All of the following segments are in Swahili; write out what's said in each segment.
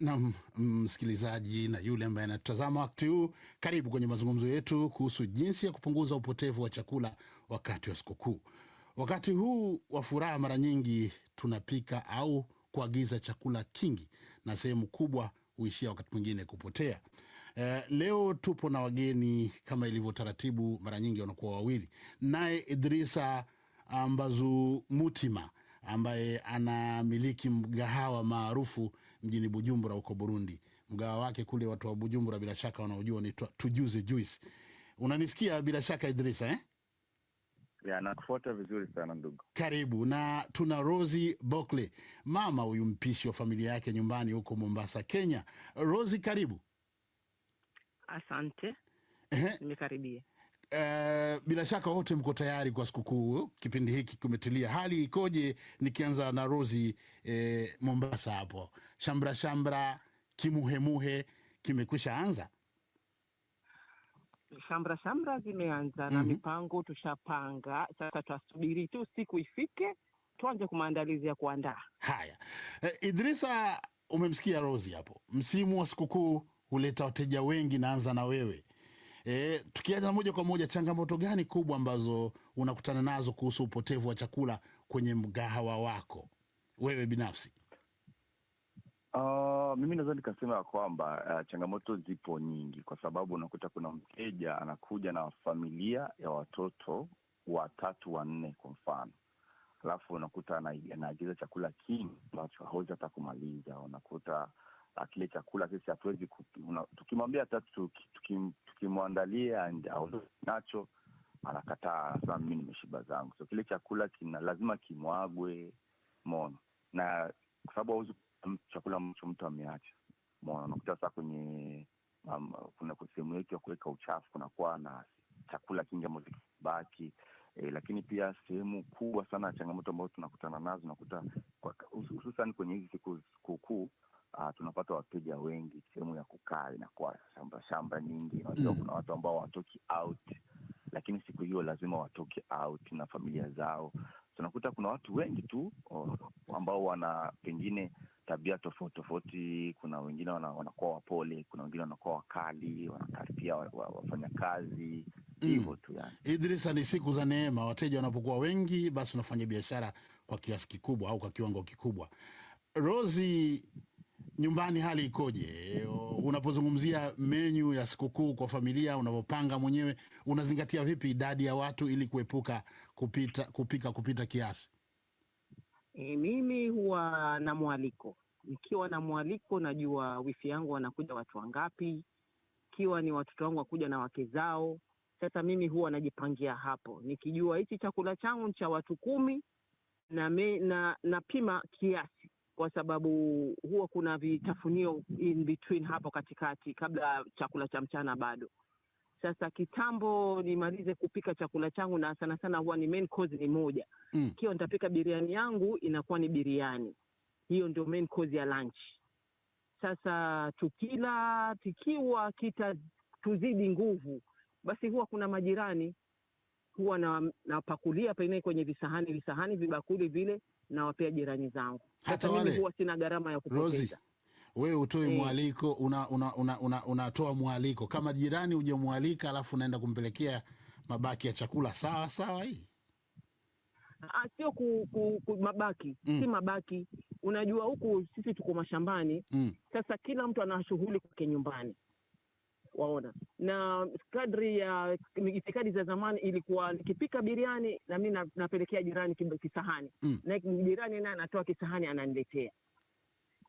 nam msikilizaji na yule ambaye anatutazama wakati huu, karibu kwenye mazungumzo yetu kuhusu jinsi ya kupunguza upotevu wa chakula wakati wa sikukuu. Wakati huu wa furaha, mara nyingi tunapika au kuagiza chakula kingi na sehemu kubwa huishia wakati mwingine kupotea. E, leo tupo na wageni kama ilivyo taratibu, mara nyingi wanakuwa wawili, naye Idrisa Mbazumutima ambaye anamiliki mgahawa maarufu mjini Bujumbura huko Burundi. Mgawa wake kule watu wa Bujumbura bila shaka wanaojua ni tujuze juice. Unanisikia bila shaka Idrisa eh? Ya, nakufuata vizuri sana ndugu. Karibu na tuna rosi Bokle, mama huyu mpishi wa familia yake nyumbani huko Mombasa, Kenya. rosi karibu. Asante. Nimekaribia. Uh, bila shaka wote mko tayari kwa sikukuu. Kipindi hiki kumetulia, hali ikoje? Nikianza na rosi eh, Mombasa hapo shambra shambra kimuhemuhe kimekwisha anza? Shamra shamra zimeanza mm -hmm. na mhm. mipango tushapanga, sasa twasubiri tu siku ifike tuanze kumaandalizi maandalizi ya kuandaa haya. e, Idrisa, umemsikia Rosi hapo. Msimu wa sikukuu huleta wateja wengi, naanza na wewe e, tukianza moja kwa moja, changamoto gani kubwa ambazo unakutana nazo kuhusu upotevu wa chakula kwenye mgahawa wako wewe binafsi? Uh, mimi naweza nikasema ya kwamba uh, changamoto zipo nyingi, kwa sababu unakuta kuna mteja anakuja na familia ya watoto watatu wanne kwa mfano, alafu unakuta anaagiza chakula kingi ambacho hawezi hata kumaliza. Unakuta akile chakula sisi hatuwezi, tukimwambia hata tukimwandalia nacho anakataa, anasema mimi nimeshiba zangu. So kile chakula kina lazima kimwagwe, mono, na kwa sababu hauwezi chakula ambacho mtu ameacha. Umeona, unakuta sasa kwenye um, kuna sehemu yetu ya kuweka uchafu kunakuwa na chakula kingi ambacho kibaki e, lakini pia sehemu kubwa sana ya changamoto ambazo tunakutana nazo unakuta hususan kwenye hizi siku sikukuu Uh, tunapata wateja wengi, sehemu ya kukaa inakuwa shamba shamba nyingi. Unajua, mm. kuna watu ambao watoki out lakini siku hiyo lazima watoke out na familia zao. Tunakuta kuna watu wengi tu ambao wana pengine tabia tofauti tofauti. Kuna wengine wanakuwa wapole, kuna wengine wanakuwa wakali, wanakaripia wafanyakazi hivo mm. tu yani. Idrisa, ni siku za neema. Wateja wanapokuwa wengi, basi unafanya biashara kwa kiasi kikubwa au kwa kiwango kikubwa. Rosi nyumbani hali ikoje? Unapozungumzia menyu ya sikukuu kwa familia, unavyopanga mwenyewe, unazingatia vipi idadi ya watu ili kuepuka kupita, kupika kupita kiasi? E, mimi huwa na mwaliko. Nikiwa na mwaliko, najua wifi yangu wanakuja watu wangapi, ikiwa ni watoto wangu wakuja na wake zao. Sasa mimi huwa najipangia hapo, nikijua hichi chakula changu cha watu kumi na, me, na napima kiasi kwa sababu huwa kuna vitafunio in between hapo katikati, kabla chakula cha mchana bado. Sasa kitambo nimalize kupika chakula changu, na sana sana huwa ni main course ni moja mm. Ikiwa nitapika biriani yangu inakuwa ni biriani, hiyo ndio main course ya lunch. Sasa tukila tikiwa tuzidi nguvu, basi huwa kuna majirani huwa napakulia na pengine kwenye visahani visahani vibakuli vile nawapea jirani zangu. Hata, mimi huwa sina gharama ya kupokeza wewe utoe eh. hey, mwaliko unatoa una, una, una mwaliko kama jirani hujamwalika, alafu unaenda kumpelekea mabaki ya chakula sawa sawa. Hii ah, sio ku, ku, ku, mabaki mm, si mabaki. Unajua huku sisi tuko mashambani mm. Sasa kila mtu ana shughuli kwake nyumbani waona. Na kadri ya itikadi za zamani ilikuwa nikipika biriani na mi napelekea jirani kisahani mm. na jirani naye anatoa kisahani ananiletea.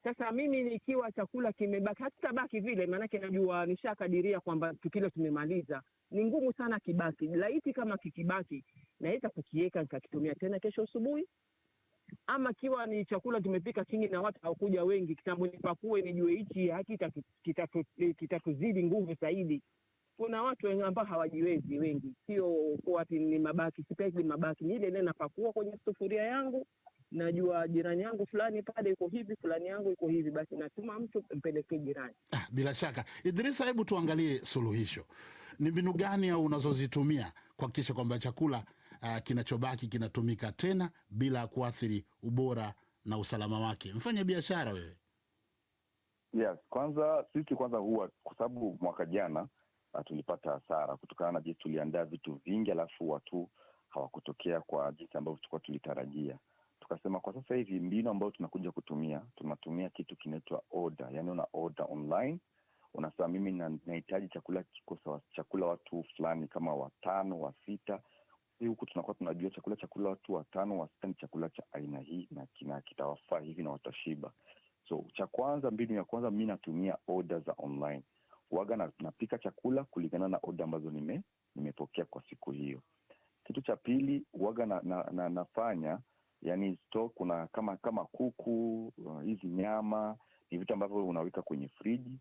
Sasa mimi nikiwa chakula kimebaki, hakitabaki vile, maanake najua nishakadiria kwamba tukilo tumemaliza ni ngumu sana kibaki. Laiti kama kikibaki, naweza kukiweka nikakitumia tena kesho asubuhi, ama kiwa ni chakula kimepika kingi na watu hawakuja wengi, kitambo nipakue nijue hichi hakikitazidi kita, kita nguvu zaidi. Kuna watu ambao hawajiwezi wengi, sio kuwa ati ni mabaki. sipendi mabaki, ni ile ile napakua kwenye sufuria yangu, najua jirani yangu fulani pale iko hivi, fulani yangu iko hivi, basi natuma mtu mpelekee jirani. Ah, bila shaka. Idrisa, hebu tuangalie suluhisho, ni mbinu gani au unazozitumia kuhakikisha kwamba chakula uh, kinachobaki kinatumika tena bila kuathiri ubora na usalama wake. Mfanya biashara wewe. Yes, kwanza sisi kwanza huwa kwa sababu mwaka jana uh, tulipata hasara kutokana na jinsi tuliandaa vitu vingi, alafu watu hawakutokea kwa jinsi ambavyo tulikuwa tulitarajia. Tukasema kwa sasa hivi mbinu ambayo tunakuja kutumia, tunatumia kitu kinaitwa order, yani una order online unasema mimi nahitaji chakula kiko sawa, chakula watu fulani kama watano wa sita si huku tunakuwa tunajua chakula chakula watu watano wastani, chakula cha aina hii na kina kitawafaa hivi na watashiba. So cha kwanza, mbinu ya kwanza mi natumia oda za online waga na, napika chakula kulingana na oda ambazo nime nimepokea kwa siku hiyo. Kitu cha pili waga na, na, na, nafanya yani store, kuna kama kama kuku hizi uh, nyama ni vitu ambavyo unaweka kwenye friji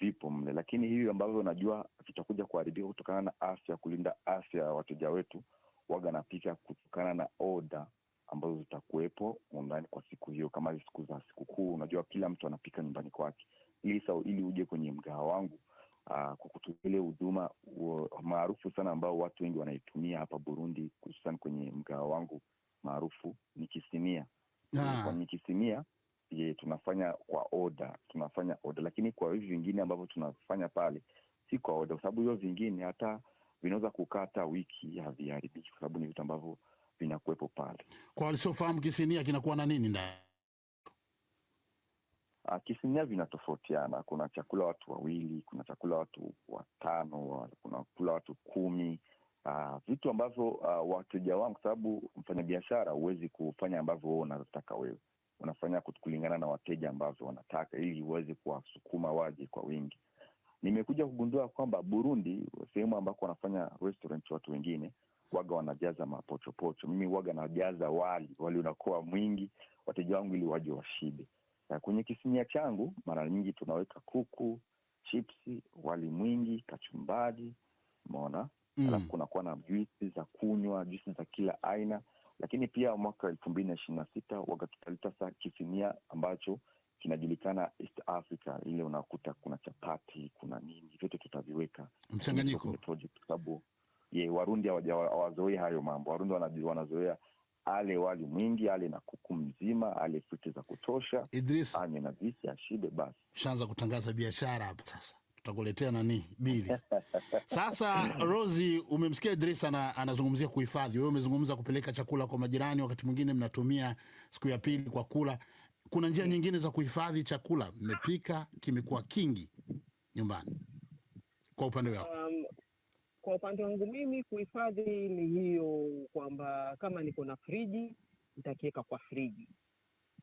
vipo mle, lakini hivi ambavyo unajua vitakuja kuharibika kutokana na afya, kulinda afya ya wateja wetu waga napika kutokana na oda ambazo zitakuwepo ndani kwa siku hiyo, kama siku za sikukuu. Unajua, kila mtu anapika nyumbani kwake, ili sau ili uje kwenye mgao wangu ah, kwa kutumia ile huduma maarufu sana ambao watu wengi wanaitumia hapa Burundi, hususan kwenye mgao wangu maarufu ni kisimia. Ah. Kwa ni kisimia ye, tunafanya kwa oda, tunafanya oda, lakini kwa hivi vingine ambavyo tunafanya pale si kwa oda, kwa sababu hivyo vingine hata vinaweza kukata wiki haviharibiki, kwa sababu ni vitu ambavyo vinakuwepo pale. Kwa walisiofahamu kisinia kinakuwa na nini ndani? Ah, kisinia vinatofautiana. Kuna chakula watu wawili, kuna chakula watu watano, kuna kula watu kumi. Uh, vitu ambavyo uh, wateja wangu, kwa sababu mfanyabiashara huwezi kufanya ambavyo unataka wewe, unafanya kulingana na wateja ambavyo wanataka, ili uweze kuwasukuma waje kwa wingi. Nimekuja kugundua kwamba Burundi, sehemu ambako wanafanya restaurant watu wengine waga wanajaza mapochopocho, mimi waga najaza wali, wali unakoa mwingi wateja wangu ili waje washibe. Kwenye kisinia changu mara nyingi tunaweka kuku, chipsi, wali mwingi, kachumbari, umeona mm. Alafu kunakuwa na juisi za kunywa, juisi za kila aina, lakini pia mwaka elfu mbili na ishirini na sita waga tutaleta sa kisinia ambacho kinajulikana East Africa, ile unakuta kuna chapati, kuna nini, vyote tutaviweka mchanganyiko kwa sababu ye Warundi hawazoei hayo mambo. Warundi wanazoea ale wali mwingi, ale na kuku mzima, ale frite za kutosha, anye na visi, ashibe. Basi shaanza kutangaza biashara hapa sasa tutakuletea nani bili sasa. Rosi, umemsikia Idris ana, anazungumzia kuhifadhi, wewe umezungumza kupeleka chakula kwa majirani, wakati mwingine mnatumia siku ya pili kwa kula kuna njia nyingine za kuhifadhi chakula, mmepika kimekuwa kingi nyumbani, kwa upande wako? Um, kwa upande wangu mimi kuhifadhi ni hiyo kwamba kama niko na friji nitakiweka kwa friji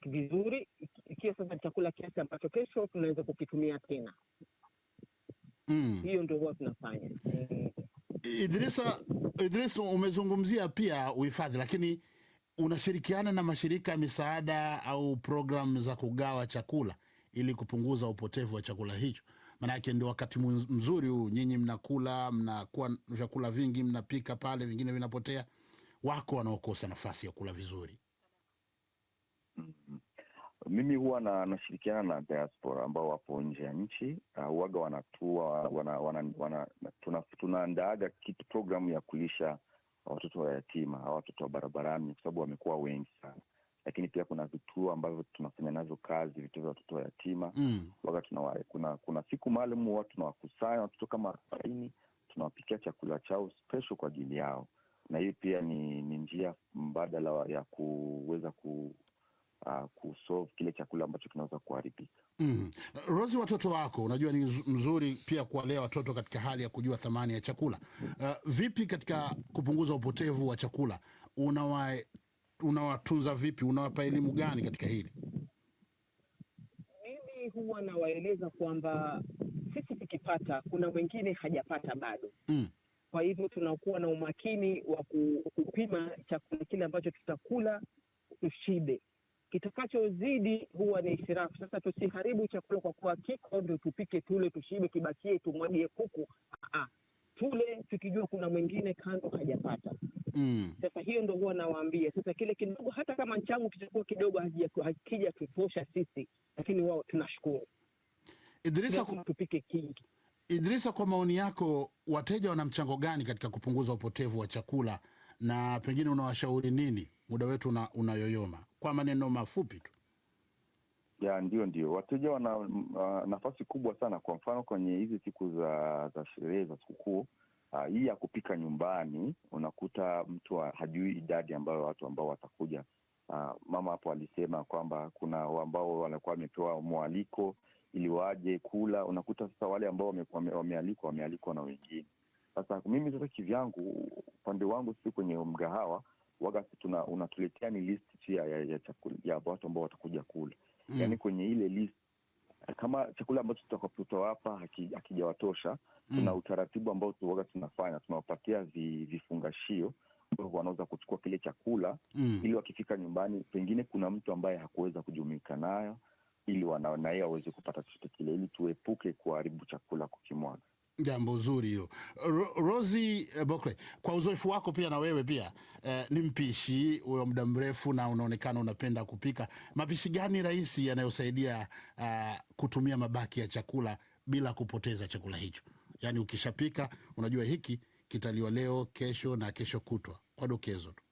vizuri, ikiwa sasa chakula kiasi ambacho kesho tunaweza kukitumia tena. Mm. Hiyo ndio huwa tunafanya. Idrisa, Idris, umezungumzia pia uhifadhi lakini unashirikiana na mashirika ya misaada au programu za kugawa chakula ili kupunguza upotevu wa chakula hicho? Maanake ndio wakati mzuri huu, nyinyi mnakula, mnakuwa vyakula vingi, mnapika pale, vingine vinapotea. Wako wanaokosa nafasi ya kula vizuri. mm -hmm. Mimi huwa nashirikiana na diaspora ambao wapo nje ya nchi huaga uh, wanatua wana, wana, wana, tuna, tunaandaaga kitu programu ya kulisha watoto wa yatima au watoto wa barabarani, kwa sababu wamekuwa wengi sana. Lakini pia kuna vituo ambavyo tunafanya nazo kazi, vituo vya watoto wa yatima mm. kuna kuna siku maalum huwa tunawakusanya watoto kama arobaini, tunawapikia chakula chao spesho kwa ajili yao, na hii pia ni, ni njia mbadala ya kuweza ku uh, kusolve kile chakula ambacho kinaweza kuharibika. Mm. Rozi, watoto wako unajua ni mzuri pia kuwalea watoto katika hali ya kujua thamani ya chakula. Mm. Uh, vipi katika kupunguza upotevu wa chakula unawa unawatunza vipi? Unawapa elimu gani katika hili? Mimi huwa nawaeleza kwamba sisi tukipata, kuna mwingine hajapata bado mm. Kwa hivyo tunakuwa na umakini wa kupima chakula kile ambacho tutakula tushibe, kitakachozidi huwa ni israfu. Sasa tusiharibu chakula kwa kuwa kiko ndo tupike tule, tushibe, kibakie tumwagie kuku. Aa, ah, ah. tule tukijua kuna mwingine kando hajapata. Mm. Sasa hiyo ndo huwa nawaambia. Sasa kile kidogo, hata kama nchangu kitakuwa kidogo, hakija tutosha sisi, lakini wao tunashukuru. Idrisa, tupike kingi. Idrisa, kwa maoni yako wateja wana mchango gani katika kupunguza upotevu wa chakula na pengine unawashauri nini? Muda wetu una, unayoyoma kwa maneno mafupi tu. Ya, ndio ndio, wateja wana uh, nafasi kubwa sana. Kwa mfano kwenye hizi siku za za sherehe za sikukuu uh, hii ya kupika nyumbani, unakuta mtu hajui idadi ambayo watu ambao watakuja. Uh, mama hapo alisema kwamba kuna ambao wanakuwa wamepewa mwaliko ili waje kula, unakuta sasa wale ambao wamealikwa wamealikwa na wengine sasa mimi sasa kivyangu, upande wangu sisi kwenye mgahawa waga tuna unatuletea ni list pia ya, ya, ya watu ambao watakuja kule mm. Yani kwenye ile list kama chakula ambacho hapa hakijawatosha haki mm. Tuna utaratibu ambao waga tunafanya, tunawapatia vi, vifungashio wanaweza kuchukua kile chakula mm. ili wakifika nyumbani, pengine kuna mtu ambaye hakuweza kujumuika nayo, ili na yeye aweze kupata chochote kile, ili tuepuke kuharibu chakula kukimwaga. Jambo zuri hilo. Rozi eh, bokle kwa uzoefu wako pia na wewe pia eh, ni mpishi wa muda mrefu na unaonekana unapenda kupika, mapishi gani rahisi yanayosaidia uh, kutumia mabaki ya chakula bila kupoteza chakula hicho? Yaani ukishapika unajua hiki kitaliwa leo, kesho na kesho kutwa, kwa dokezo tu.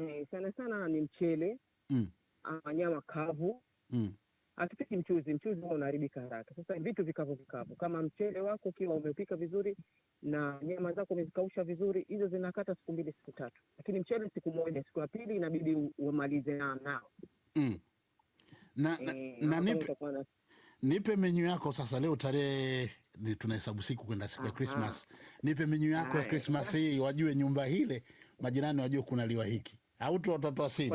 Eh, sana sana ni mchele mm. Ah, nyama kavu mm. Akipiki mchuzi, mchuzi huwa unaharibika haraka. Sasa vitu vikavu vikavu, kama mchele wako ukiwa umeupika vizuri na nyama zako umezikausha vizuri, hizo zinakata siku mbili siku tatu, lakini mchele siku moja, siku ya pili inabidi umalize na nao. Mm. na, e, na, eh, na nipe, nipe menyu yako sasa. Leo tarehe tunahesabu siku kwenda siku ya Christmas. Nipe menyu yako ya Christmas hii, wajue nyumba hile majirani wajue kuna liwa hiki, au tu watoto asili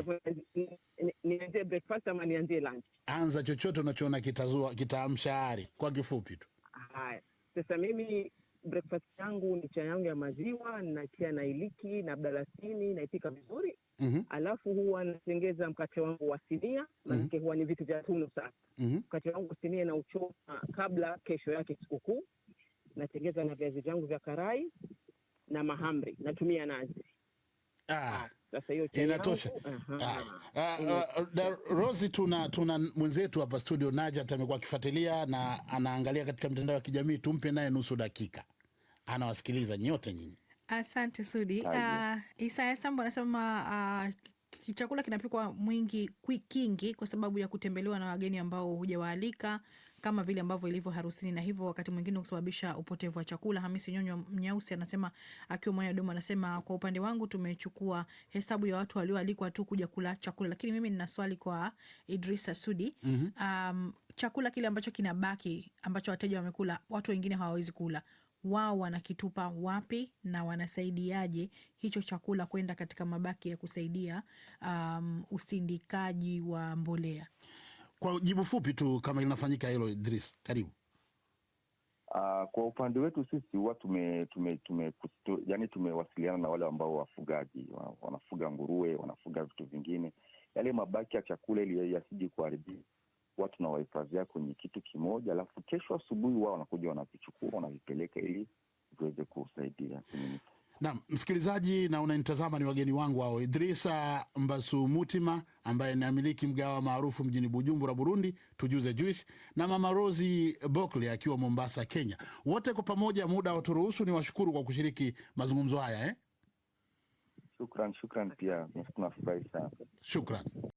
nianzie breakfast ama nianzie lunch? Anza chochote unachoona kitazua kitaamsha ari, kwa kifupi tu. Haya, sasa mimi breakfast yangu ni chai yangu ya maziwa, natia na iliki na mdalasini, naipika vizuri Mm -hmm. Alafu huwa natengeza mkate wangu wa sinia manake, mhm. mm -hmm. huwa ni vitu vya tunu sasa mm -hmm. Mkate wangu wa sinia nauchoma kabla kesho yake sikukuu, natengeza na viazi vyangu vya karai na mahamri, natumia nazi. ah. Sasa hiyo inatosha. Ah, ah, ah, Rosi, tuna tuna mwenzetu hapa studio Najat amekuwa akifuatilia na anaangalia katika mitandao ya kijamii, tumpe naye nusu dakika, anawasikiliza nyote nyinyi. Asante Sudi. Uh, Isaya Sambo anasema uh, chakula kinapikwa mwingi kingi kwa sababu ya kutembelewa na wageni ambao hujawaalika kama vile ambavyo ilivyo harusini, na hivyo wakati mwingine kusababisha upotevu wa chakula. Hamisi Nyonyo Mnyausi anasema akiwa mwana Dodoma, anasema kwa upande wangu tumechukua hesabu ya watu walioalikwa tu kuja kula chakula, lakini mimi nina swali kwa Idrisa Sudi. mm -hmm. um, chakula kile ambacho kinabaki ambacho wateja wamekula, watu wengine hawawezi kula wao wanakitupa wapi na wanasaidiaje hicho chakula kwenda katika mabaki ya kusaidia um, usindikaji wa mbolea? Kwa jibu fupi tu, kama linafanyika hilo, Idris, karibu. Uh, kwa upande wetu sisi huwa tume, tume, tume, kutu, yani tumewasiliana na wale ambao wafugaji wanafuga nguruwe, wanafuga vitu vingine, yale mabaki ya chakula ili yasije kuharibika huwa tunawahifadhia kwenye kitu kimoja, alafu kesho asubuhi wao wanakuja wanavichukua wanavipeleka ili viweze kusaidia Naam, msikilizaji na unanitazama, ni wageni wangu hao Idrisa Mbasu Mutima ambaye amiliki mgawa maarufu mjini Bujumbura, Burundi, tujuze juice na Mama Rosi Bokle akiwa Mombasa, Kenya. Wote kwa pamoja, muda waturuhusu, ni washukuru kwa kushiriki mazungumzo haya eh? Shukran, shukran pia tunafurahi sana, shukran.